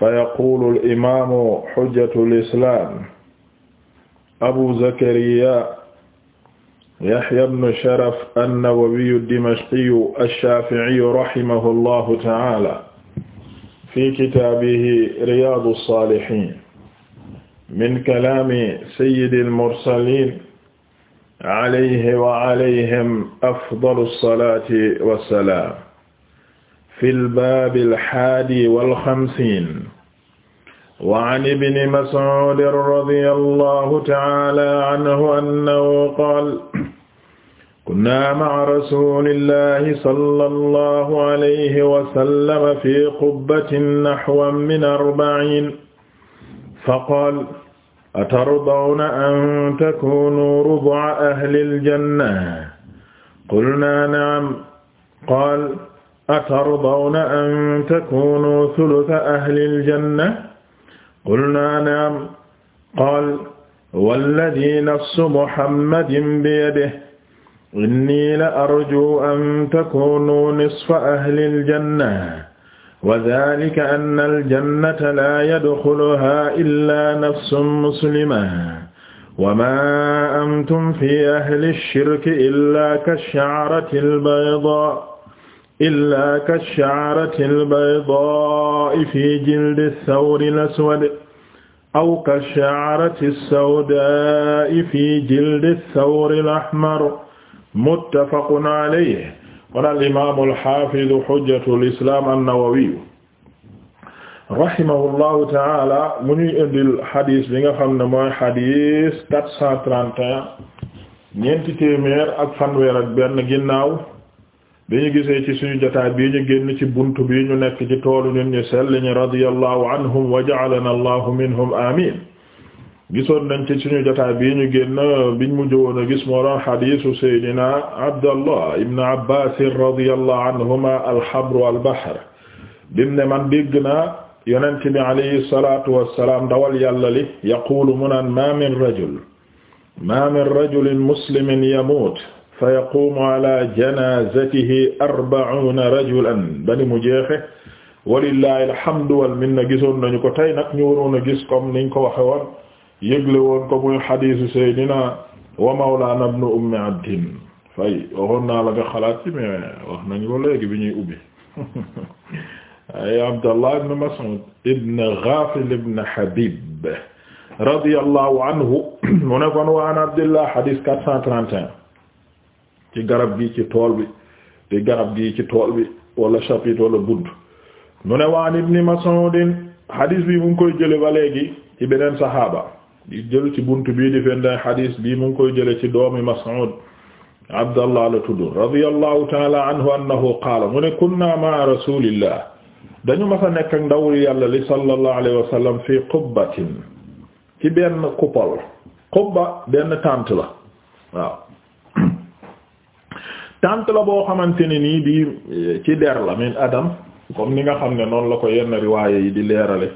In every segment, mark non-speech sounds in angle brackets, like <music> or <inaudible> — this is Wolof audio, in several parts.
fa yaqulu al-imaamu hujjatu l-islaam abu zakariya yahya ibnu sharaf an-nawawiyu ad-dimashqiyu ash-shaafi'iyu rahimahu llahu ta'aala fi kitaabihi riyaadu s-saalihiin min kalaami sayyidi l-mursaliin alayhi wa alayhim afdalu s-salaati wa s-salaam fi lbaabi alxaadi walxamsiin wa an ibni Mas'uud radiyallaahu ta'aalaa anhu annahu qaala kunnaa ma'a rasuulillaahi sallallaahu alayhi wa sallam fi qubbatin naxwan min arba'iin faqaala atardawna an takuunuu rubu'a ahli aljanna qulnaa na'am qaala atardawna an takunu thulutha ahli aljanna qulna naam qaal walladhi nafsu muhammadin biyadihi inni la arju an takunu nisfa ahli aljanna wa dhalika anna aljannata la yadkhuluha illa nafsun muslima wama antum fi ahli alshirki illa kashaarati albayda illaa kashaarati albaydaa'i fi jildi sawri laswad aw kashaarati sawdaa'i fi jildi sawri lahmar muttafaqun alayhi qaala al-imaamu al-haafidu hujjatul islaam an-nawawiyu rahimahullahu taala mu ñuy indil xadis bi nga xam ne mooy xadis 431 ñeenti téeméer ak fanweer ak benn ginnaaw bi gis gisee ci suñu jotaay bi ñu génn ci buntu bi ñu nekk ci toolu ñun ñu sell ñi radiyallahu anhum wa ja'alana minhum amin gisoon nañ ci suñu jotaay bi ñu génn biñ mu jowoon a gis moo doon xadiisu saydina abdallah ibn abbas radiyallahu anhuma alxabru walbahr bim ne man dégg naa yonent bi alayhi salatu wassalaam dawal yàlla mu naan ma min rajul ma min rajulin muslimin yamuut fa yaqumu ala janazatihi arbauna rajulan bani mu jeexe walillahi alhamdu wal minna gisoon nañu ko tey nag ñu waroon a gis comme niñ ko waxe woon yëgle woon ko muy xadiisu seydina wa mawlana ibnu ummi abdin fay waxoon naa la nga xalaat ci mais wax nañu ko léegi bi ñuy ubbi <laughs> ay abdallah ibn mas'ud ibn ghafil ibn habib radiyallahu anhu <coughs> mu ne kon wa an abdillah xadiis 431 ci garab gi ci tool bi garab gi ci tool bi wala chapitre wala budd mu ne waan ibni mas'udin hadis bi mu ngi koy jële ba léegi ci beneen sahaaba di jël ci bunt bii di fen day hadis bi mu ngi koy jële ci doomi mas'ud abdallah la tudd radiyallahu taala anhu annahu qaala mu ne kunna ma rasulillah dañu mas a nekk ak yàlla li sallallahu alayhi wa sallam fii qubbatin ci benn coupole qubba benn tente la tant la boo xamante ne nii bi eh, ci der la min adam comme ni nga xam ne noonu la ko yenn riwaaye yi di leerale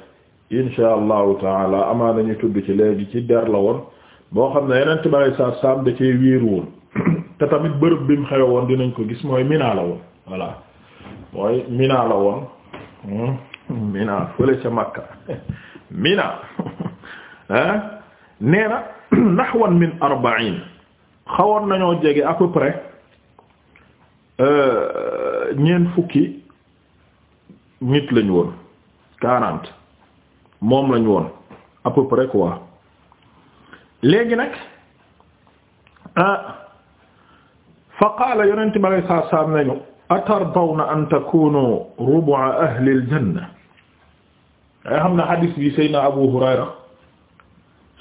insha allahu taala amaa nañu tudd ci léegi ci der la woon boo xam ne yeneen tibaay saa saam da cee woon <coughs> te tamit bërëb bi mu xewe woon dinañ ko gis mooy Mina la woon voilà mooy Mina la woon hmm? <laughs> Mina fële ca Makka <laughs> Mina ah <laughs> nee na <clears throat> min arba'in xawoon nañoo jege à peu Euh, ñeent fukki nit lañu woon quarante moom lañu woon à peu près quoi léegi nag ah, fa qaala yonente bi alay saat salaam nañu atardawna an takunu rubu'a ahli aljanna ay xam na xadis bi Seydina Abu Hurayra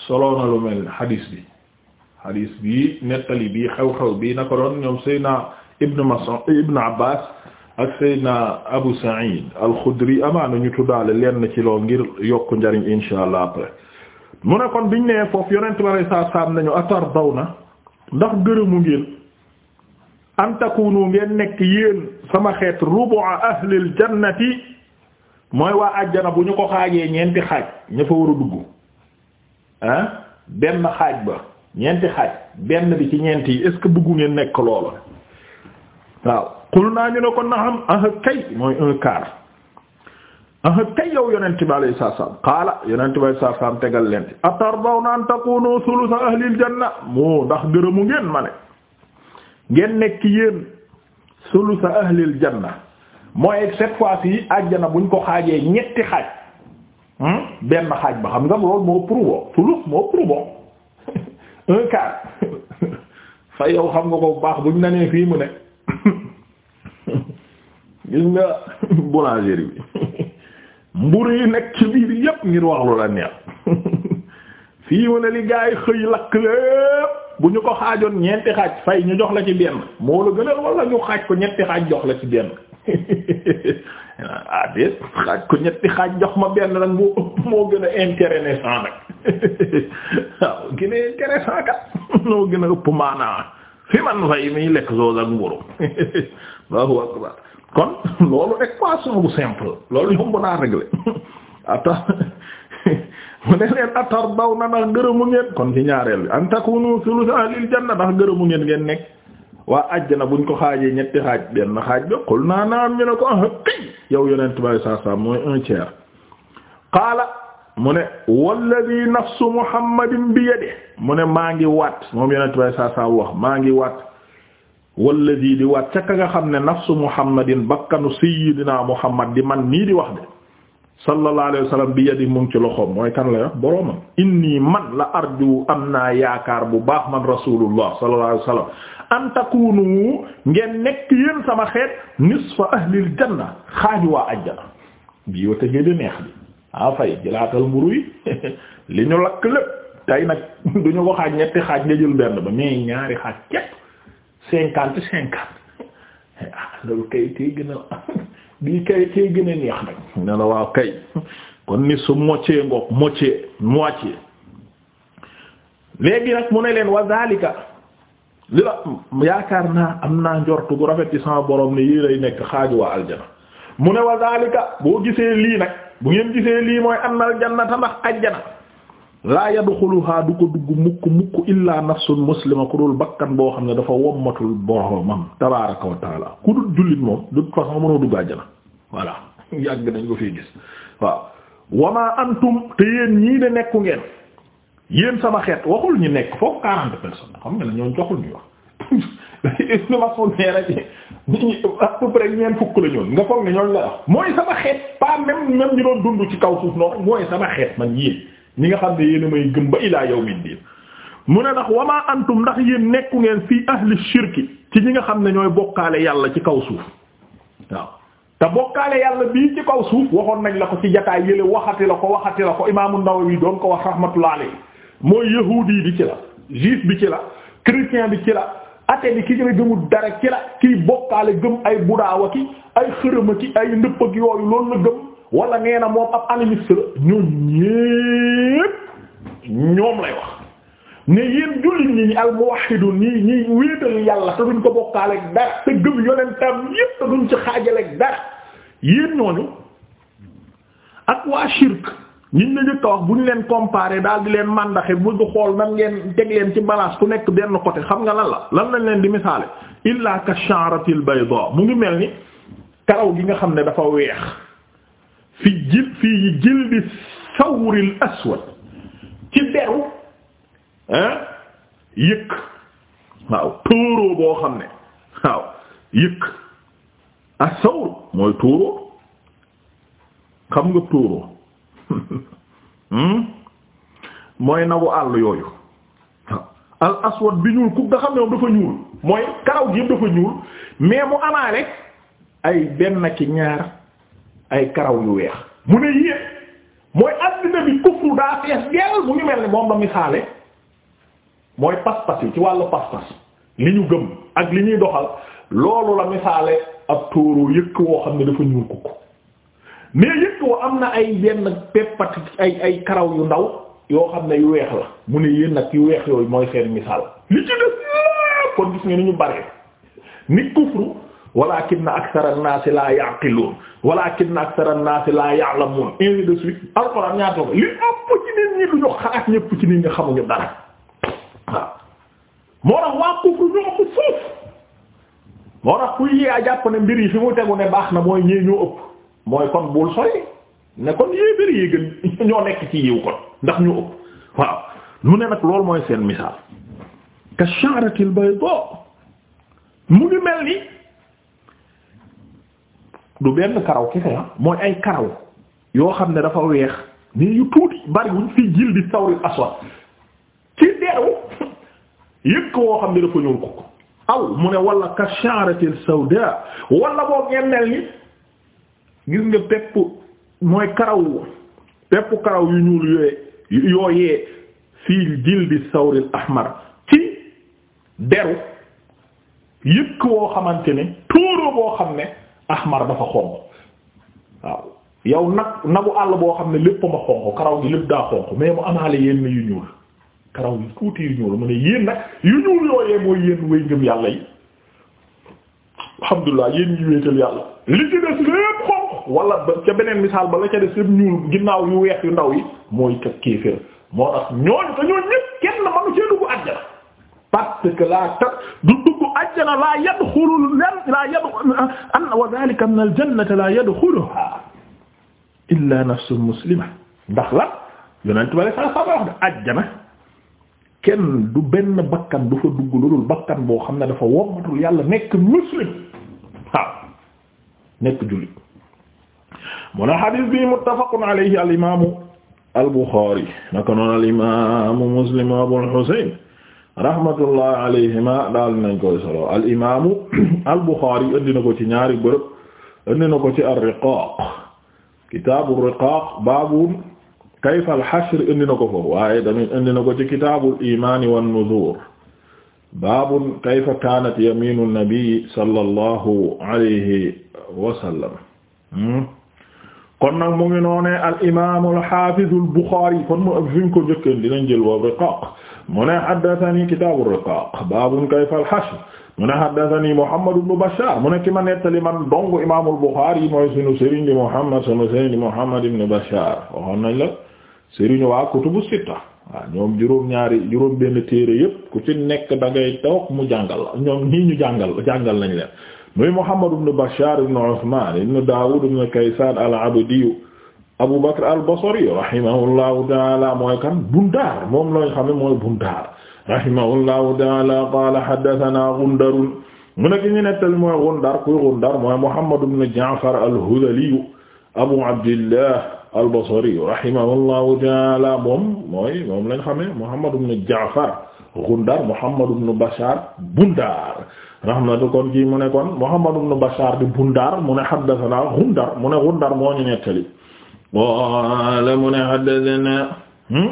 soloona lu mel bi xadis bi nettali bi xewxew xew bi na ko doon ñoom Seydina ibn Mas'ud ibn Abbas ak Seydina Abu Sa'id al-Khudri amaana ñu tuddaale lenn ci lool ngir yokk njariñ insha allah après mu ne kon biñ nee foofu yonent bari saa saam nañu atar na ndax gërëmu ngeen an takunu ngeen nekk yéen sama xeet rubu'a ahlil jannati mooy waa àjjana bu ñu ko xaajee ñeenti xaaj ña fa war a dugg ah benn xaaj ba ñeenti xaaj benn bi ci ñeenti yi est-ce que bëggu ngeen nekk loola waaw xul naa ñu ne ko naam ah kay mooy un quart ah kay yow yonent bi alayhi salaam qaala yonent bi alayhi salaam tegal leen atardawna an takunu sulusa ahlil janna moo ndax gërëmu ngeen ma ne ngeen nekk yéen sulusa ahlil janna mooy cette fois ci àjjana buñ ko xaajee ñetti xaaj hmm? benn xaaj ba xam nga loolu moo prouvé sulus moo prouvé <laughs> un quart <laughs> fa yow xam nga ko bu baax buñ na fii mu ne gis nga <laughs> boulangerie bi <laughs> mburu yi nekk ci biir yépp ngir wax lu la neex <laughs> fii mu ne li xëy lakk lépp bu ñu ko xaajoon ñeenti xaaj fay ñu jox la ci benn moo la gënal wala ñu xaaj ko ñetti xaaj jox la ci benn ah, ah déet xaaj ko ñetti xaaj jox ma benn nag moo moo gën a intéressant nag waaw gën a intéressant kat moo gën a ëpp maanaa fi man fay miy lekk zoos ak mburu <laughs> Allahu akbar kon <laughs> loolu équation bu simple loolu yomb naa régler atta <laughs> mu ne leen atar daw na ndax gërëmu ngeen kon ci ñaareel bi an takunu thuluth ahlil janna ndax gërëmu ngeen ngeen nekk waa na buñ ko xaajee ñetti xaaj benn xaaj bi qul naa naam ñu ne ko ah yow yonent bi sallallahu alayhi wasallam mooy un tiers qaala mu ne walladi nafsu muhammadin bi yadihi mu ne maa ngi waat moom yonent bay saa wax maa ngi waat walladi di waat ca nga xam ne nafsu muhammadin bakkanu sayyidina muhammad di man nii di wax de sallallahu alayhi wa sallam bi yadihi mu ngi ci loxoom mooy kan la wax boroomam inni man la arju am naa yaakaar bu baax man rasulullah sallallahu alayhi wa sallam an takunu ngeen nekk yéen sama xeet nisfa ahlil janna xaaju waa ajjana bii wate gëj a neex bi ah fay jëlaatal mburu yi <laughs> li ñu lakk lépp tey nag <laughs> du ñu ko xaaj ñetti xaaj nga jël benn ba mais ñaari xaaj képp cinquante cinquante ah loolu kay tey gën a bii <laughs> kay tey gën a neex nag ne waaw kay kon ni su moccee ngoog moccee moitié léegi nag mu ne leen wa zalika li la yaakaar naa am naa njortu gu rafet ci sama borom ne yii lay nekk xaaj waa aljana mu ne wa zalika boo gisee lii nag bu ngeen gisee lii mooy annal jannata ndax ajjana laa yadxuluha du ko dugg mukk mukk illaa nafsun muslima ku dul bakkan boo xam ne dafa wommatul boromam tabaaraka wa taala ku dul jullit moom de toute façon mënoo dugg àjjana voilà <laughs> yàgg nañ ko fii gis waaw wamaa antum te yéen ñii de nekku ngeen yéen sama xeet waxul ñi nekk foofu quarante personnes xam nga ne ñoom joxul ñu wax <laughs> Ibn Mas'ud nee na ci ñi à peu près ñeent fukk la nga foog ne la wax mooy sama xeet pas même même ñu doon dund ci kaw suuf noonu mooy sama xeet man yéen ñi nga xam ne yéen a may gëm ba ilaa yawmid din mu ne ndax wama antum ndax yéen nekku ngeen fii ahli shirki ci ñi nga xam ne ñooy bokkaale yàlla ci kaw suuf waaw te bokkaale yàlla bii ci kaw suuf waxoon nañ la ko ci jataay yële waxati la ko waxati la ko imaamu Nawawi doon ko wax rahmatullah alayhi mooy yahuudi bi ci bi ci la chrétien bi ci ate bi ki nga gëmul dara ci la kiy bokkaale gëm ay budaawa ki ay xërëma ay ndëpp ak yooyu loolu la gëm wala nee na moom ab animiste la ñoo ñépp ñoom lay wax ne yéen jullit ñi ñi al ñi ñi wéetal yàlla te duñ ko bokkaale dara te gëm yonentam yépp duñ ci xaajale dara yéen ñooñu ak waa shirk ñun la njëkk a wax bu ñu leen comparé daal di leen mandaxe bëgg xool nan ngeen teg leen ci balance ku nekk benn côté xam nga lan la lan lañ leen di misaale illa ka sha'ratil bayda mu ngi mel ni karaw gi nga xam ne dafa weex fi jil fii jildi sawril aswad boo xam ne waaw mooy tóoroo xam nga tóoroo Hmm? mooy nagu àll yooyu al aswad bi ñuul ku nga xam ne moom dafa ñuul mooy karaw gi yëpp dafa ñuul mais mu amaale ay benn ki ñaar ay karaw yu weex mu ne yéen mooy addina bi kufru daa fees dell mu ngi mel ni moom la misaale mooy pas-pas yi ci wàllu pas-pas li ñu gëm ak li ñuy doxal loolu la misaale ab tóoroo yëkk woo xam ne dafa ñuul kukk mais yëpp ko am na ay yenn peppat ay karaw yu ndaw yoo xam ne yu weex la mu ne yéen nag yu weex yooyu mooy seen misaal li ci def kon gis nga ni ñu bare ni kufru walakinna akthara an-naasi laa ya'qiluun walakinna akthara an-naasi laa ya'lamuun ainsi de suite alxuraan ñaata li ëpp ci nit ñu xalaat ñëpp ci nit ñi xamuñu dara waaw moo tax waa kufru ñu ëpp foofu moo tax kuy yee a jàpp ne mbir yi fi mu tegu ne baax na mooy ñee ñoo ëpp mooy kon bul sori ne kon yéebér yi gën ñoo nekk ci yiw kon ndax ñu ëpp waaw mu ne nag loolu mooy seen misaal ka sha'ratil bayda mu ngi mel ni du benn karaw ki ah mooy ay karaw yoo xam ne dafa weex ni yu tuuti bariwuñ fi jildi sawri aswad ci deewu yëg ko woo xam ne dafa ñuul ko aw mu ne walla ka sha'ratil sawda wala boo ngeen mel ni gis nga pepp mooy karaw pepp karaw yu ñuul yooye yooyee fii jildi sawril ahmar ci deru yëkk woo xamante ne tóoroo boo xam ne ahmar dafa xonq waaw yow nag nagu àll boo xam ne lépp ma xonq karaw gi lépp daa xonq mais mu amaale yenn yu ñuul karaw yu tuuti yu ñuul mu ne yéen yu ñuul yooyee mooy yéen wéy ngëm yàlla yi alhamdulilah yéen ñu wéetal yàlla li ci des lépp wala ca beneen misaal ba la ca def yëpp ñuul ginnaaw yu weex yu ndaw yi mooy kéefër moo tax ñooñu te ñooñu ñëpp kenn manu cee dugg àjjana parce que la la yadxulu la an wa dhalika kenn du benn bakkan du fa dugg lu dul boo xam ne yàlla nekk muslim waaw nekk jullit mu ne xadis bi muttafaqun alayhi al imaamu al buxaari naka noonu al imaamu muslim abul xusayn rahmatullah alayhima daal nañ koy solo al imaamu al buxaari indi na ko ci ñaari bërëb indi na ko ci ar-riqaaq kitaabu riqaaq baabu kayfa al xashr indi na ko foofu waaye tamit indi na ko ci kitaabu imaani wan nuzuur baabun kayfa kaanat yamiinu nabi sallallahu alayhi wa sallam hmm? kon nag mu ngi noonee al imaam al haafiz al Buxaari kon mu fi ñu ko njëkkeen dinañ jël wa riqaaq mu ne haddathanii kitaabu riqaaq baabun kayfa al hashr mu ne haddathanii Muhammad ibn Bashaar mu ne ki ma nettali man dong imaam al Buxaari mooy sunu sëriñ di Muhammad sunu sëriñ di Muhammad ibn Bashaar waxoon nañ la sëriñ waa kutubu sitta waaw ñoom juróom-ñaari juróom-benn téere yépp ku ci nekk dangay ngay toog mu jàngal la ñoom ñii ñu jàngal jàngal nañ leen. muy Muhammad ibn Bashar ibn Usman ibn Dawud ibn Kaysan al-Abdi Abu Bakr al-Basri rahimahullahu ta'ala mooy kan Bundar moom lañ xam ne mooy Bundar rahimahullahu ta'ala qala haddathana Gundar mu nekk ñu nettali mooy Gundar kuy Gundar mooy Muhammad ibn Ja'far al-Hudhali Abu Abdillah al-Basri rahimahullahu ta'ala moom mooy moom lañ xam ne Muhammad ibn Ja'far Gundar Muhammad ibn Bashar Bundar rahmatu kon kii mu ne kon Muhammad ibn Bashar di Bundar mu ne haddathana Gundar mu ne Gundar moo ñu nettali wala mu ne haddathana hmm?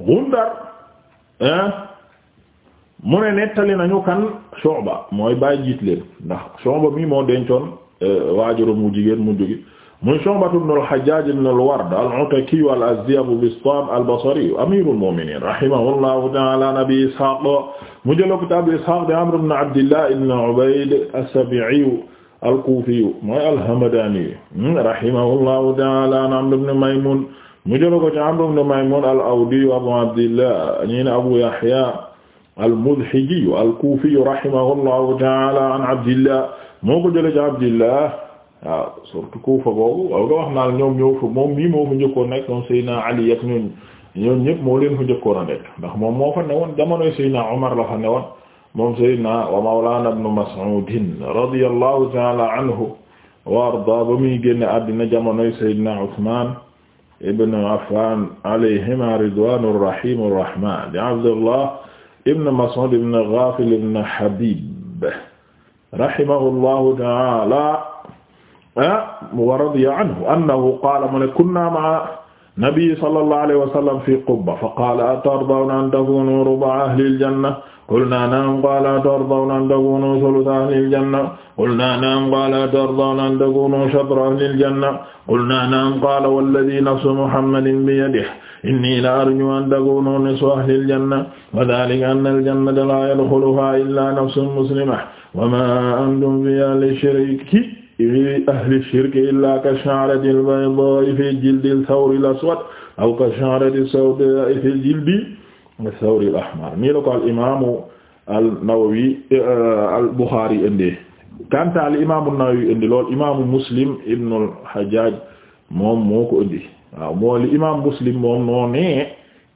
Gundar eh? mu ne nettali nañu kan Shu'ba mooy bàyyi jiit leen ndax Shu'ba mi moo dencoon eh, waajuram mu jigéen mu jógi muy Shu'batu ibn al-Hajjaj ibn al-Ward al-Ataki al-Azdi Abu Bistam al-Basri amirul mu'minin rahimahullahu ta'ala an Abi Ishaq mu jël ko Abi Ishaq di Amr ibn Abdillah ibn Ubayd as-Sabi'i al-Kufi mooy al-Hamadani hmm, rahimahullahu ta'ala an Amr ibn Maymun mu jël ko ci Amr ibn Maymun al-Awdi Abu Abdillah ñi ne Abu Yahya al-Mudhiji al-Kufi rahimahullahu ta'ala an Abdillah moo ko jël ci Abdillah waaw surtout Kufa boobu waaw nga wax naa ñoom ñëw fa moom mii moo fa njëkkoon nekk ñoom Seydina Ali ak ñooñ ñooñ ñëpp moo leen fa njëkkoon a nekk ndax moom moo fa newoon jamonoy Seydina Omar la fa newoon moom Seydina wa mawlana ibn Mas'ud radiyallahu ta'ala anhu wa arda ba muy génne àddina jamonoy Seydina Usman ibn Affan alayhima ridwanur rahimur rahman di Abdullah ibn Mas'ud ibn Ghafil ibn Habib rahimahullahu ta'ala Ah, wa radiya anhu annahu qaala mu ne kunna ma'a nabi sallallahu alayhi wa sallam fi qubba fa qaala atardawna an takunu ruba ahli aljanna qulna na'am qaala atardawna an takunu thulutha ahli aljanna qulna na'am qaala atardawna an takunu shatra ahli aljanna qulna na'am qaala walladhi nafsu muhammadin biyadihi inni la arju an takunu nisfu ahli aljanna wa dhalika anna aljannata la yadkhuluha illa nafsun muslimah wa ma antum fiha bi shariki fi ahli shirki illaa ka sha'rati al-baydaa'i fi jildi al-thawri al-aswad aw ka sha'rati as-sawdaa'i al-ahmar nii la al imaamu an-Nawawi eh, al-Bukhari indi kanta al imaamu an-Nawawi indi lool imaamu Muslim ibn al-Hajjaj moom moo indi waaw moo li imaamu Muslim moom noo nee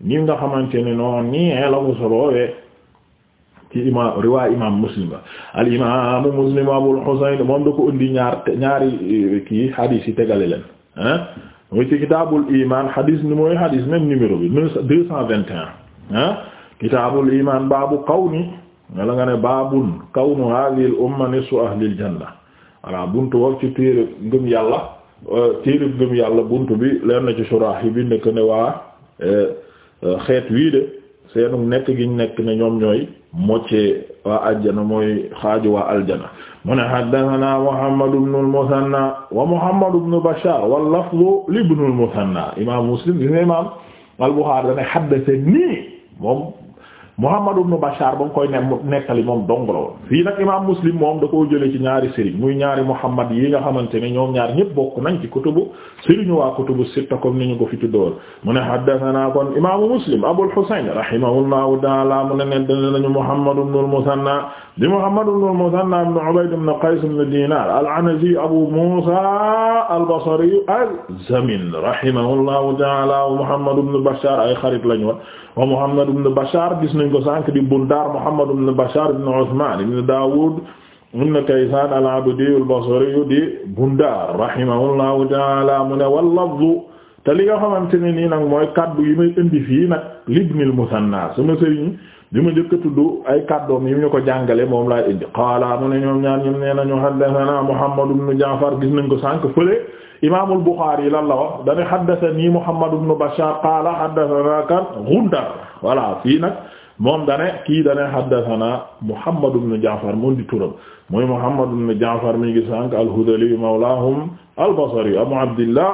ni nga xamante ne noo nee la ko solowe ci imaam riwaay imaam muslim al imaamu muslim abul husayn moom da ko indi ñaar ñaari eh, kii hadith yi tegale leen ah muy ci kitaabul imaan hadith ni mooy hadith même numéro bi deux cent vingt et un ah kitaabul imaan baabu kawni nga la nga ne baabun kawnu hadhihi al umma nisfu ahlil janna voilà buntu wax ci téere ngëm yàlla euh, téere ngëm yàlla bunt bi leen na ci suraax yi bi nekk ne waa eh, eh, xeet wii de seenu nekk giñ nekk ne ñoom ñooy moccee waa aljana mooy xaaju waa aljana mu ne haddathana Muhammad ibn al-Muthanna wa Muhammad ibn Bashar wal lafzu li ibn al imam Muslim imam al-Bukhari dane haddathani Muhammad ibn Bashar ba mu koy nettali moom dong la woon fii nag imaam Muslim moom da koo jëlee ci ñaari sëriñ muy ñaari Muhammad yi nga xamante ne ñoom ñaar ñëpp bokk nañ ci kutubu sëriñu waa kutubu sitta comme ni ñu ko fi tuddoon mu ne haddathana kon imaamu Muslim Abul Husayn rahimahullahu ta'ala mu ne nettali nañu Muhammad ibn al-Musanna di Muhammad ibn al-Musanna ibn Ubayd ibn Qays ibn Dinar al-Anazi Abu Musa al-Basri al-Zamin rahimahullahu ta'ala Muhammad ibn ay xarit lañu woon wa Muhammad ibn Bashar gis nañ ko sànq di Bundar Muhammad ibn Bashar ibn Usman ibn Dawud ibn Kaysan al-Abdi al-Basri di Bundar rahimahullahu ta'ala mu ne wallafzu te li nga xamante ne nii nag mooy kaddu yi may indi fii nag libnil Musanna sama sëriñ bi ma njëkk a ay kàddoom yi ñu ko jàngale moom laay indi qaala mu ne ñoom ñaar ñun nee nañu haddathana Muhammad ibn Ja'far gis nañ ko sànq fële imaamul Buxaari lan la wax dane haddathani Muhammad ibn Bashar qaala haddathana kan Gundar voilà fii nag moom dane kii dane haddathana Muhammad ibn Ja'far moom di turam mooy Muhammad ibn Ja'far mi ngi sànq al-Hudhali mawlaahum al-Basri Abu Abdillah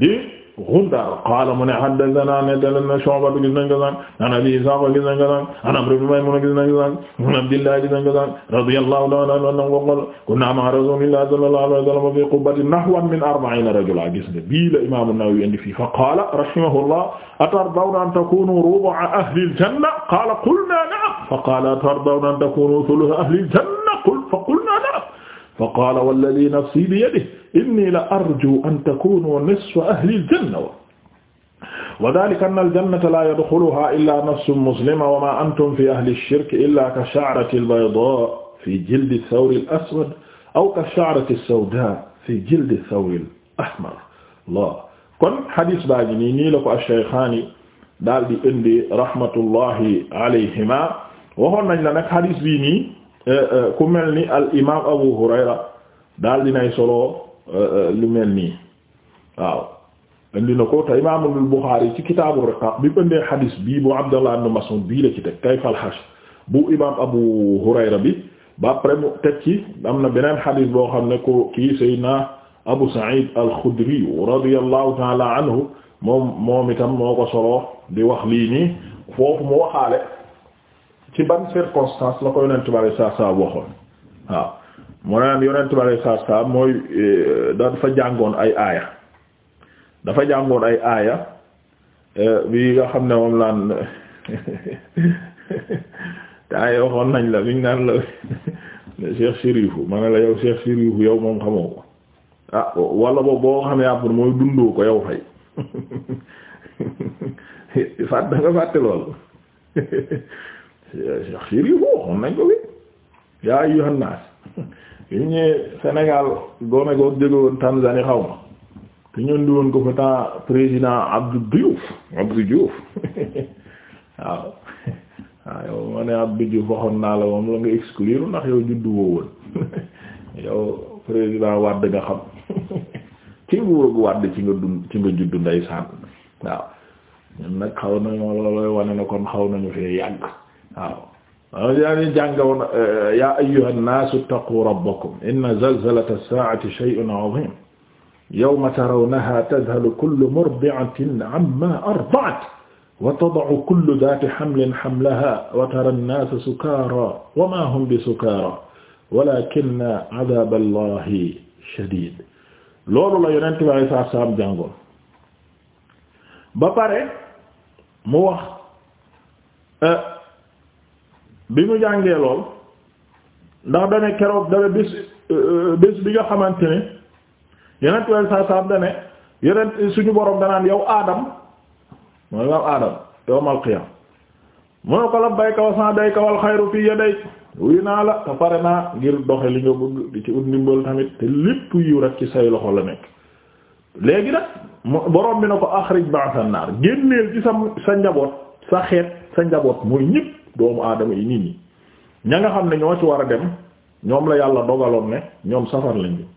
di Ghundar qaala mu ne haddathanaa nettalena Shu'ba gis nañ ko sànq an Abi Isaaq gis nañ ko sànq an Amr ibn Maymuun gis nañ ko sànq an Abdillah gis nañ ko sànq radiyallahu ta'ala anhu qala kunnaa ma'a rasuulillahi sallallahu alayhi wa sallam fii qubbatin nahwan min arba'iina rajulan gis nga bii la imaam an-Nawawi indi fii fa qaala rahimahullah atardawna an takuunu rubu'a ahli al-janna qaala qulnaa na'am fa qaala atardawna an takuunu thulutha ahli al-janna fa qulnaa na'am fa qaala walladhii nafsii biyadihi inni la arju an takunu nisfa ahli aljanna wa dhalika anna aljannata la yadkhuluha illa nafsun muslima wa ma antum fi ahli alshirk illa ka sha'rati albayda fi jildi ath-thawri al-aswad aw ka sha'rati as-sawda fi jildi ath-thawri al-ahmar Allah kon hadis baa ngi nii nii la ko ash-shaykhaani daal di indi rahmatullahi alayhima waxoon nañ la nag hadis bii nii eh, eh, ku mel ni al imaam Abu Hurayra daal dinay solo Euh, euh, lu mel nii waaw indi na ko te imaamul Buxaari ci kitaabu riqaaq bi ëndee xadiis bii bu Abdallah ibn Mas'ud bii la ci teg kayfal xash bu imaam Abu Hurayra bi ba après mu ci am na beneen xadiis boo xam ne ko kii Seydina Abu Sa'id al-Khudri radiyallahu ta'ala anhu moom moom itam moo ko soloo di wax lii nii foofu mu waxaale ci ban circonstance la koy Yonent bi sallallahu alayhi wa sallam mu naan yonent bi alayhi salaatu salaam mooy eh, dafa jàngoon ay aaya dafa jàngoon ay aaya bi eh, nga xam ne moom laan <laughs> te aaya waxoon nañ la bi ñu naan la <laughs> Cheikh Chérifou ma ne la yow Cheikh Chérifou yow moom xamoo ko ah wala boobu boo xam ne après mooy dundoo ko yow fay <laughs> fàtt da fàtte loolu Cheikh Chérifou waxoon nañ ko bi yaa ayyuhan naas bi ñu ñëwee Sénégal goome goog jóge woon Tanzanie xaw ma te ñun di woon ko fa temps président Abdou Diouf Abdou Diouf <laughs> waaw waaw yow ma ne Abdou Diouf waxoon naa la moom la nga exclure ndax yow juddu woo woon <laughs> yow président Wade nga xam ci <laughs> nguuru Wade ci nga dund ci nga juddu ndeysaan waaw ñun nag xaw nañoo loolooy wane ne kon xaw nañu fee yàgg waaw yaani jàngoon eh, yaa ayyuha nnaasu ittaquu rabbakum inna zalzalata as-saa'ati shay'un 'aziim yawma tarawnahaa tadhalu kullu murdi'atin 'ammaa arda'at wa tada'u kullu dhaati hamlin hamlahaa wa taraa nnaasa sukaaraa wa maa hum bisukaaraa walaakinna 'adhaaba llaahi shadiid loolu la Yonent bi sallallahu alayhi wa sallam jàngoon ba pare mu wax eh, bi mu jàngee lool ndax dane keroog dane bés euh, euh, bés bi nga xamante ne yeneen tuwel saa saam dane yeneen suñu borom danaan yow aadam mooy yow aadam yawmal qiyaam mu ne ko labbayka wa sa'dayka wal xayru fi yaday wuyu naa la te pare naa ngir doxe li nga bëgg di ci ut ndimbal tamit te lépp yu rek ci say loxo la nekk léegi nag borom bi na ko axrij ba'sa naar génneel ci sa sa njaboot sa xeet sa njaboot mooy ñépp doomu aadama yi nii ñi ña nga xam ne ñoo ci war a dem ñoom la yàlla dogaloon ne ñoom safar lañ jëm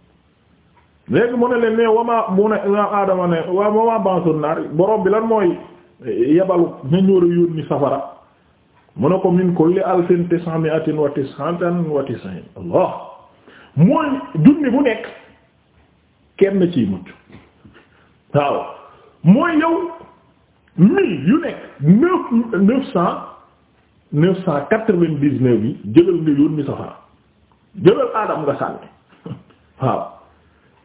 léegi mu ne leen ne wama mu ne imaam ne wa wama bansun bi lan mooy e, yebalu ñañóor a yónni safara mu ne ko min kulli alfin tis'atin wa tis'atan wa tis'in allah mooy junni bu nekk kenn ciy mucc waaw mooy yow mille yu nekk neuf neuf cent neuf cent quatre-vingt-dix-neuf yi jëlal nga yónni safara jëlal aadam nga sànni <laughs> waaw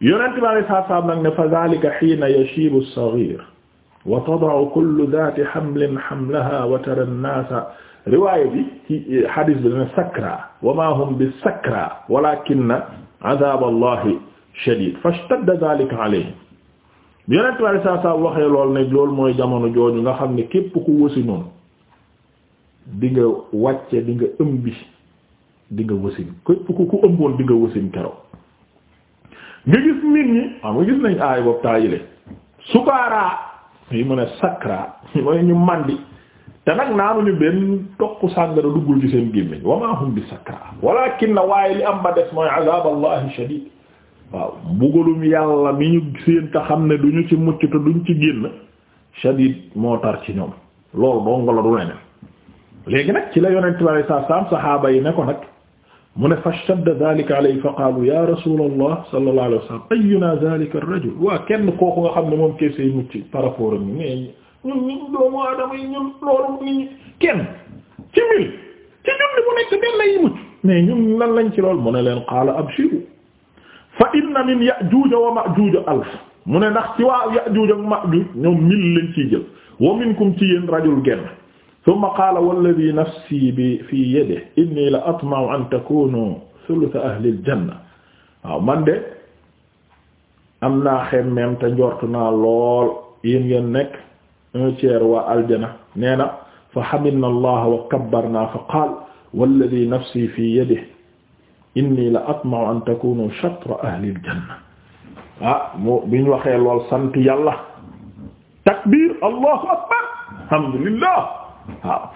yonent bi alei saatu salaam nag ne fa zalika xiina yashibu as-saghir wa tada'u kullu dhati hamlin hamlaha wa tara an-nasa riwaaya bi ci hadis bi dana sakra wa ma hum bi sakra walakinna adab allahi shadid fashtadda dhalika alayhim yonent bi alei saatu salaam waxee lool ne loolu mooy jamono jooju nga xam ne képp ku wasi noonu di nga wàcce di nga ëmbi di nga wasin ku ku ëmboon di nga wasin keroog nga gis nit ñi xam nga gis nañ aay boobu taayile sukaaraa yi mu ne sakra mooy ñu màndi te nag naanuñu benn toq sàngara duggul ci seen gémmiñ wa maa hum bi sakra walakin na waaye li am ba des mooy azab allahi waaw mbugalum yàlla mi ñu seen te xam ne duñu ci mucc te duñ ci génn shadid moo tar ci ñoom loolu dong la du leneen léegi nag ci la yonent bi alayhi salaatu salaam saxaaba yi ne ko nag mu ne fastadda dhalika alayhi fa qaalu ya rasulallah sallallahu alayhi wa sallam ayyuna dhalika ar-rajul waa kenn kooku nga xam ne moom kese yi mucc par rapport ak ñu ne ñun ñun doomu aadama yi ñun loolu nit ñi kenn ci mil ci junni bu nekk benn lay mucc mais ñun lan lañ ci lool mu ne leen qaala abshiru fa inna min ya'juuja wa ma'juuja alf mu ne ndax ci waa ya'juuj ak ma'juuj ñoom mil lañ ciy jël wa minkum ci yéen rajul genn summa qaala walladi nafsi bi fii yadihi inni la atma'u an takunu thulutha ahli aljanna waaw man de am naa xemmeem te njortu naa lool yéen ngeen nekk un tiers waa aljana nee na fa hamidna allaha wa kabbarna fa qaala walladi nafsi fii yadihi inni la atma'u an takunu shatra ahli aljanna ah mu bi ñu waxee lool sant yàlla takbir allahu akbar alhamdulillah waaw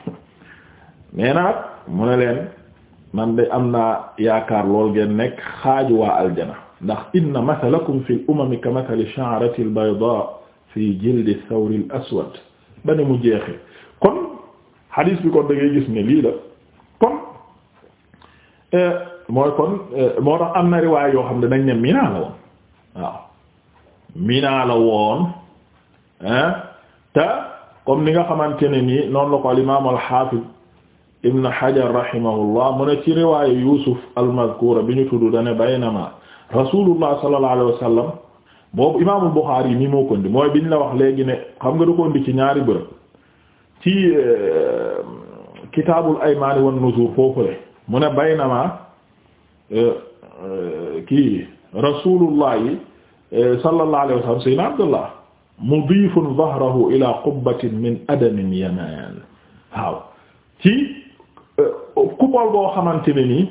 nee na mu ne leen man de am na yaakaar lool ngeen nekk xaaju waa aljana ndax inna mathalakum fi l umami ka mathali sha'rati fi jildi thawri al aswad ba ne mu jeexe kon hadis bi kon da ngay gis ne lii la kon euh, mooy euh, am na riwaay yoo xam ne dañ ne mi la woon waaw Mina comme ni nga xamante ne nii noonu la ko al imaam al xaafid ibn hajar rahimahullah mu ne ci riwaaya yusuf al mazkura bi ñu tudd dane baynama rasulullah sallallahu alayhi wa sallam boobu imaamul buxaari yi mi moo kondi mooy biñ la wax léegi ne xam nga da ko ci ñaari bërëb ci euh, kitaabul aymaani wan nuzur foofule mu ne baynama euh, euh, kii rasulullah yi sallallahu alayhi abdullah mudiifun zahrahu ila qubbatin min adamin yamaan waaw ci coupole euh, boo xamante ne nii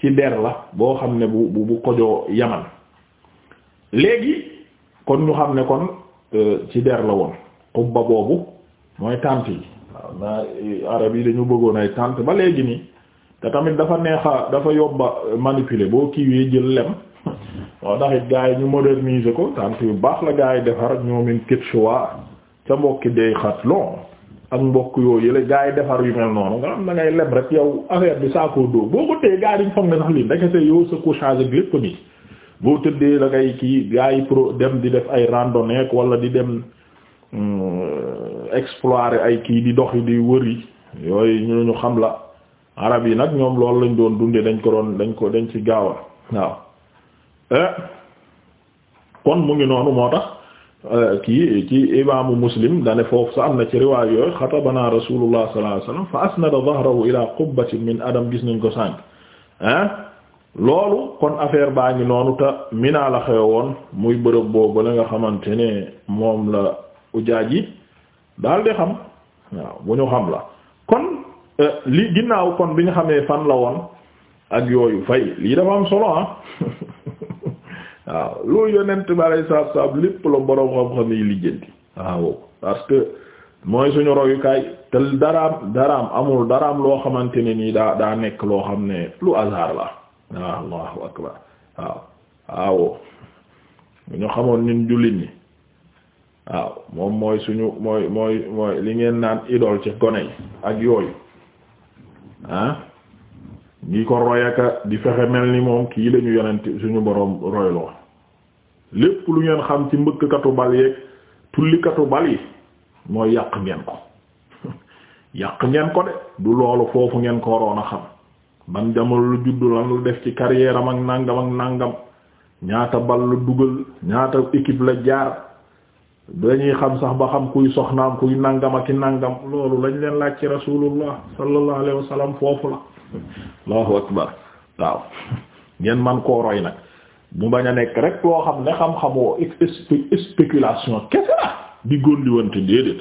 ci der la boo xam ne bu bu bu kojoo yaman léegi kon ñu xam ne kon euh, ci der la woon qubba boobu mooy tànt yi waaw naa arab yi dañu bëggoon ay tànt ba léegi nii te tamit dafa neexa dafa yobba manipuler boo kiiwee jël lem moo taxit gaa yi ñu moderniser ko tant yu baax la gaa yi defar ñoomin Quechua ca mbokki Decathlon ak mbokk yoo yële gaa yi defar yu mel noonu nga xam na ngay leb rek yow affaire bi saakoo dóor boo ko téye gars yi dañu foog ne sax lii ndekete yow sa couchage ak lépp nii boo tëddee la kii gars yi pro dem di def ay randonnée wala di dem euh, explorer ay kii di dox di wër yi yooyu ñu ñu xam la arab yi nag ñoom loolu lañ doon dundee dañ ko doon dañ ko dañ ci gaawal waaw Euh, kon mu ngi noonu moo tax euh, kii ci imaamu muslim dane foofu sa am na ci riwaay yooyu xatabana rasulullah sallallahu fa asnada dhahrahu ila qubbatin min adam gis nañ ko sànk ah loolu kon affaire baa ngi noonu te minaa la xew woon muy bërëb boobu la nga xamante ne moom la ujaaj yi daal di xam waaw bu ñu xam la kon euh, li ginnaaw kon bi ñu xamee fan la woon ak yooyu fay lii dafa am solo ah <laughs> waaw loolu yonent bi alayhi salaatu lépp la boroom xam-xam yi lijjanti waaw parce que mooy suñu royukaay te daraam daraam amul daraam loo xamante ni nii daa daa nekk loo xam ne lu hasard la waaw allahu waaw waaw ñu xamoon ñun jullit ñi waaw moom mooy suñu mooy mooy mooy li ngeen naan idole ci gone yi ak yooyu ah ngi ko royaka di fexe mel ni moom kii la ñu yonent suñu boroom royloo lépp lu ngeen xam ci mbëkkkatu bal yeeg tullikatu bal yi mooy yàq ngeen ko <laughs> yàq ngeen ko de du loolu foofu ngeen ko waroon a xam ban jamono lu juddu lan la def ci carrière am ak nàngam ak nàngam ñaata bal la dugal ñaata équipe la jaar dañuy xam sax ba xam kuy soxnaam kuy nàngam ak i nangam loolu lañ leen laaj ci rasulullah sallallahu alayhi wasallam foofu la allahu akbar waaw ngeen man koo roy nag mu bañ a nekk rek loo xam ne xam-xamoo spéculation kese la di góndiwante déedéet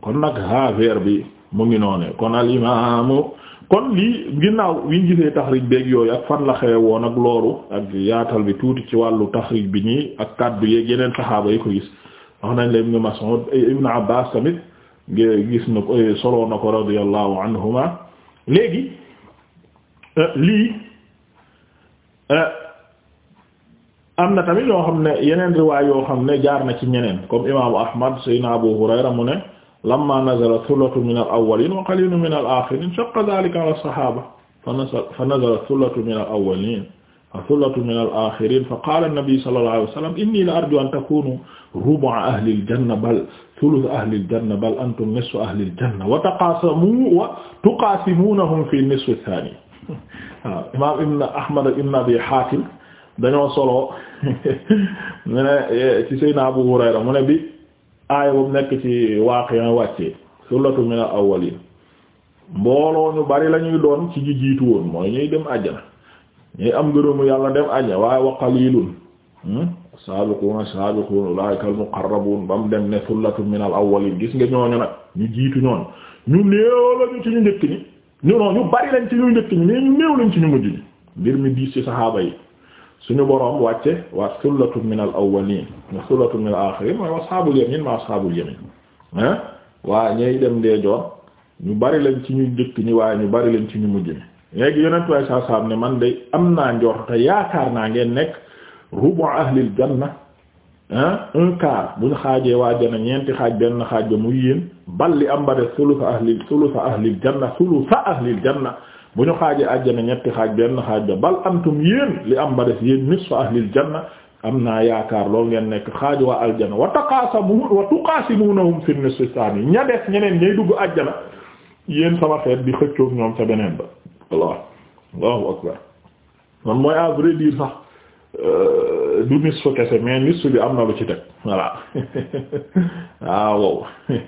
kon nag haver bi mu ngi noonee kon al imaamu kon lii ginnaaw wiñ gisee taxrij beeg yooyu ak fan la xewe woon ak loolu ak yaatal bi tuuti ci wàllu taxrij bi nii ak kàddu yeeg geneen saxaaba yi ko gis wax nañ la ibnu Mas'ud ibnu Abbaas tamit gis na ko eh, soloo na ko radiyallahu anhuma léegi Euh, lii euh, am na tamit yoo xam ne yeneen riwaay yoo xam ne jaar na ci ñeneen comme imaamu ahmad saydna abu hurayra mu ne lamma nazala thullatu min al awwalin wa qalilun min al akhirin shaqqa dhalika ala sahaba fa nazala thullatu min al awwalin fa thullatu min al akhirin fa qala an-nabi sallallahu alayhi wa sallam inni la arju an takunu rubu'a ahli al-janna bal thuluth ahli al-janna bal antum nisfu ahli al-janna wa taqasamu wa tuqasimunahum fi an-nisfi ath-thani <laughs> waaw imaam ibn ahmad ibn abi hatim dañoo solo <laughs> mu ne eh, ci sayna abu mu ne bi aaya bu nekk ci waaqi'a wàccee sullatu min al awwalin mbooloo ñu bari lañuy doon ci ji jiitu woon mooy ñuy dem àjjana ñuy am ngërëmu yàlla dem àjjana waaye wa qalilun hmm, saabiquna saabiqun ulaa'ika al muqarrabun ba mu dem ne sullatu min al awwalin gis nga ñooñu nag ñu jiitu ñoon ñu néew lañu ci ñu njëkk ni ñu noonu ñu bari lañ ci ñu njëkk ñi mais ñu néew lañ ci ñu mujj ñi mbir mi diis ci saxaaba yi suñu boroom wàcce wa sullatun min al awwalin wa sullatun min al akhirin wa ashabul yamin waa ñey dem dee joor ñu bari lañ ci ñu njëkk ñi waaye ñu bari lañ ci ñu mujj ñi léegi yonent waaye saa saam ne man de am naa njort te yaakaar naa ngeen nekk rubu ahlil janna un quart bu ñu xaajee waa na ñeenti xaaj benn xaaj ba mu yéen bal li am ba de sulusa ahli sulusa ahlil janna sulusa ahlil janna bu ñu xaajee àjjana ñetti xaaj benn xaaj ba bal antum yéen li am ba des yéen nisfa ahlil janna am naa yaakaar loolu ngeen nekk xaaj waa aljana wa taqaasamu wa tuqaasimunahum fi nisfi saani ña des ñeneen ñay dugg àjjana yéen sama xeet di xëccoog ñoom ca beneen ba Allah Allahu akbar man mooy à vrai sax euh, du nisfu kese mais nisfu bi am na lu ci teg voilà <laughs> ah, <laughs>